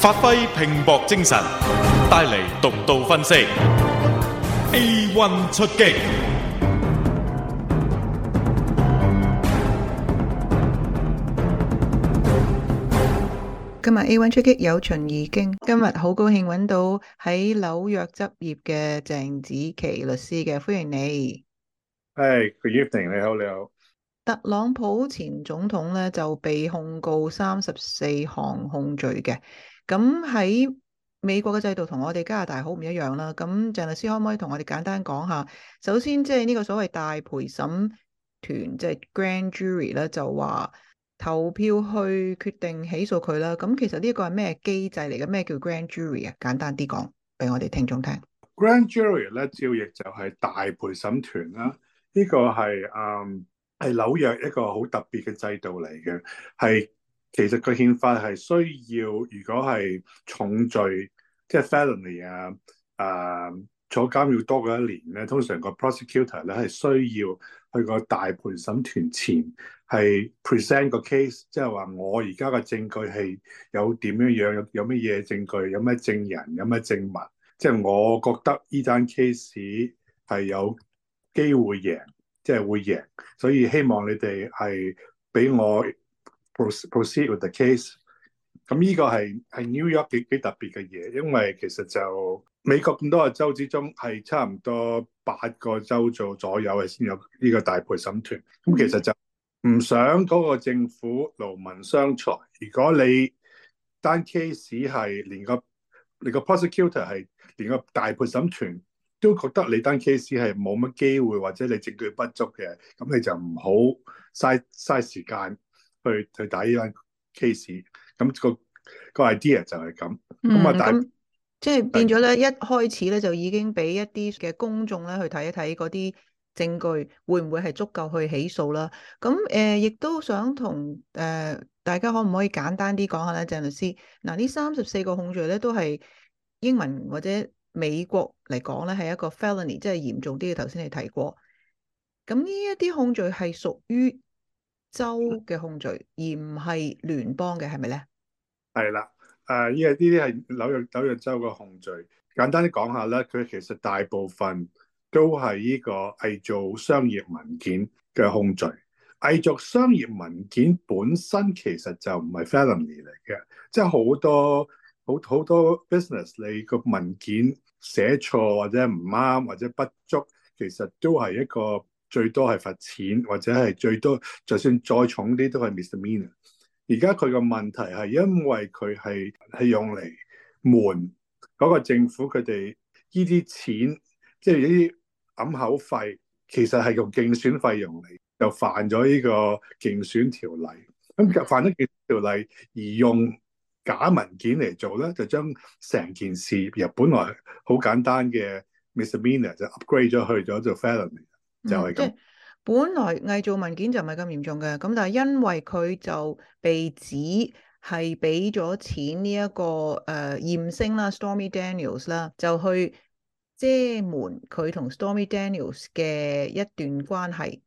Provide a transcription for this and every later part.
發揮拼搏精神，帶嚟獨到分析。A one 出擊，今日 A one 出擊有秦義經。今日好高興揾到喺紐約執業嘅鄭子琪律師嘅，歡迎你。Hi，good evening，你好你好。特朗普前總統咧就被控告三十四項控罪嘅。咁喺美國嘅制度同我哋加拿大好唔一樣啦。咁鄭律師可唔可以同我哋簡單講下？首先，即係呢個所謂大陪審團，即係 grand jury 咧，就話投票去決定起訴佢啦。咁其實呢個係咩機制嚟嘅？咩叫 grand jury 啊？簡單啲講俾我哋聽眾聽 grand 呢。Grand jury 咧，照譯就係大陪審團啦。呢個係嗯係紐約一個好特別嘅制度嚟嘅，係。其實個憲法係需要，如果係重罪，即係 felony 啊，誒、啊、坐監要多過一年咧，通常個 prosecutor 咧係需要去個大陪審團前係 present 個 case，即係話我而家個證據係有點樣樣，有有乜嘢證據，有咩證人，有咩證物，即係我覺得呢單 case 係有機會贏，即係會贏，所以希望你哋係俾我。Proceed with the case，咁呢個係係 New York 幾幾特別嘅嘢，因為其實就美國咁多個州之中，係差唔多八個州做左右係先有呢個大陪審團。咁其實就唔想嗰個政府勞民傷財。如果你單 case 係連個你個 prosecutor 係連個大陪審團都覺得你單 case 係冇乜機會，或者你證據不足嘅，咁你就唔好嘥嘥時間。去去打呢單 case，咁個、那個、那個、idea 就係咁。咁啊、嗯，大即係變咗咧，一開始咧就已經俾一啲嘅公眾咧去睇一睇嗰啲證據會唔會係足夠去起訴啦？咁誒，亦、呃、都想同誒、呃、大家可唔可以簡單啲講下咧，鄭律師嗱？呢三十四個控罪咧都係英文或者美國嚟講咧係一個 felony，即係嚴重啲嘅。頭先你提過，咁呢一啲控罪係屬於。州嘅控罪，而唔係聯邦嘅，係咪咧？係啦，誒，因為呢啲係紐約紐約州嘅控罪。簡單啲講下咧，佢其實大部分都係呢個偽造商業文件嘅控罪。偽造商業文件本身其實就唔係 felony 嚟嘅，即係好多好好多 business，你個文件寫錯或者唔啱或者不足，其實都係一個。最多係罰錢，或者係最多，就算再重啲都係 misdemeanor。而家佢個問題係因為佢係係用嚟瞞嗰個政府佢哋呢啲錢，即係呢啲揞口費，其實係用競選費用嚟，就犯咗呢個競選條例。咁就犯咗競選條例而用假文件嚟做咧，就將成件事由本來好簡單嘅 misdemeanor 就 upgrade 咗去咗做 felony。即係、嗯就是、本來偽造文件就唔係咁嚴重嘅，咁但係因為佢就被指係俾咗錢呢、這、一個誒、艷、呃、星啦，Stormy Daniels 啦，就去遮瞞佢同 Stormy Daniels 嘅一段關係。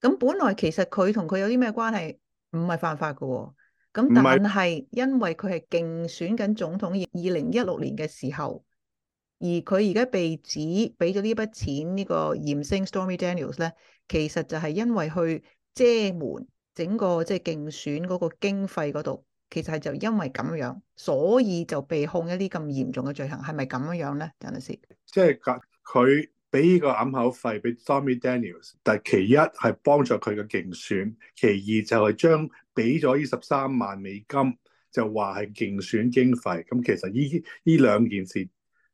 咁本來其實佢同佢有啲咩關係唔係犯法嘅，啊，咁但係因為佢係競選緊總統二零一六年嘅時候。是而佢而家被指俾咗呢筆錢個嚴呢個嫌星 Stormy Daniels 咧，其實就係因為去遮瞞整個即係競選嗰個經費嗰度，其實係就因為咁樣，所以就被控一啲咁嚴重嘅罪行是是這，係咪咁樣樣咧？等陣先，即係佢俾呢個揞口費俾 Stormy Daniels，但係其一係幫助佢嘅競選，其二就係將俾咗呢十三萬美金就話係競選經費，咁其實呢呢兩件事。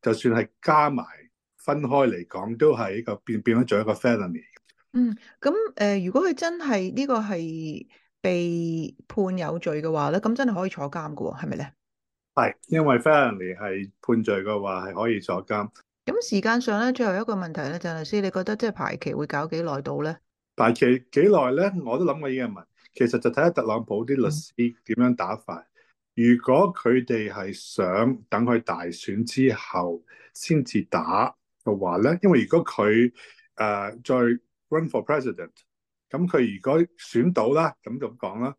就算係加埋分開嚟講，都係呢個變變咗做一個 felony。個嗯，咁誒、呃，如果佢真係呢個係被判有罪嘅話咧，咁真係可以坐監嘅喎，係咪咧？係，因為 felony 係判罪嘅話係可以坐監。咁時間上咧，最後一個問題咧，鄭律師，你覺得即係排期會搞幾耐到咧？排期幾耐咧？我都諗過呢樣問，其實就睇下特朗普啲律師點、嗯、樣打法。如果佢哋係想等佢大選之後先至打嘅話咧，因為如果佢誒、呃、再 run for president，咁佢如果選到啦，咁咁講啦，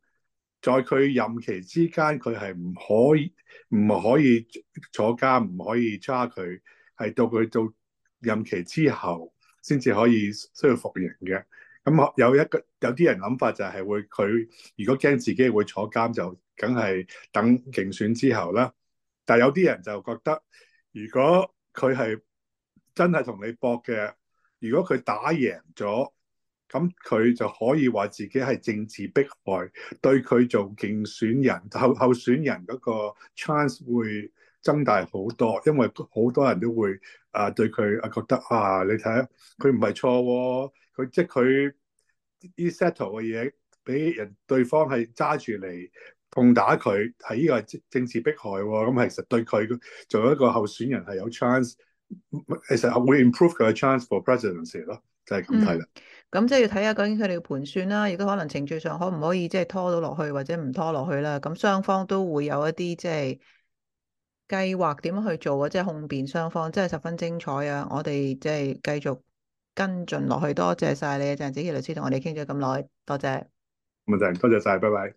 在佢任期之間，佢係唔可以唔可以坐監，唔可以 charge 佢，係到佢到任期之後先至可以需要服刑嘅。咁有一個有啲人諗法就係會佢如果驚自己會坐監就。梗係等競選之後啦，但係有啲人就覺得，如果佢係真係同你搏嘅，如果佢打贏咗，咁佢就可以話自己係政治迫害，對佢做競選人候候選人嗰個 chance 會,會增大好多，因為好多人都會啊對佢啊覺得啊，你睇佢唔係錯喎、哦，佢即係佢 settle 嘅嘢俾人對方係揸住嚟。痛打佢，係呢個政治迫害，咁其實對佢做一個候選人係有 chance，其實會 improve 佢嘅 chance for presidency 咯，嗯、就係咁睇啦。咁即係要睇下究竟佢哋嘅盤算啦，亦都可能程序上可唔可以即係拖到落去，或者唔拖落去啦。咁雙方都會有一啲即係計劃點樣去做啊，即係控辯雙方即係十分精彩啊！我哋即係繼續跟進落去，多謝晒你啊，鄭子杰律師同我哋傾咗咁耐，多謝。唔該多謝晒，拜拜。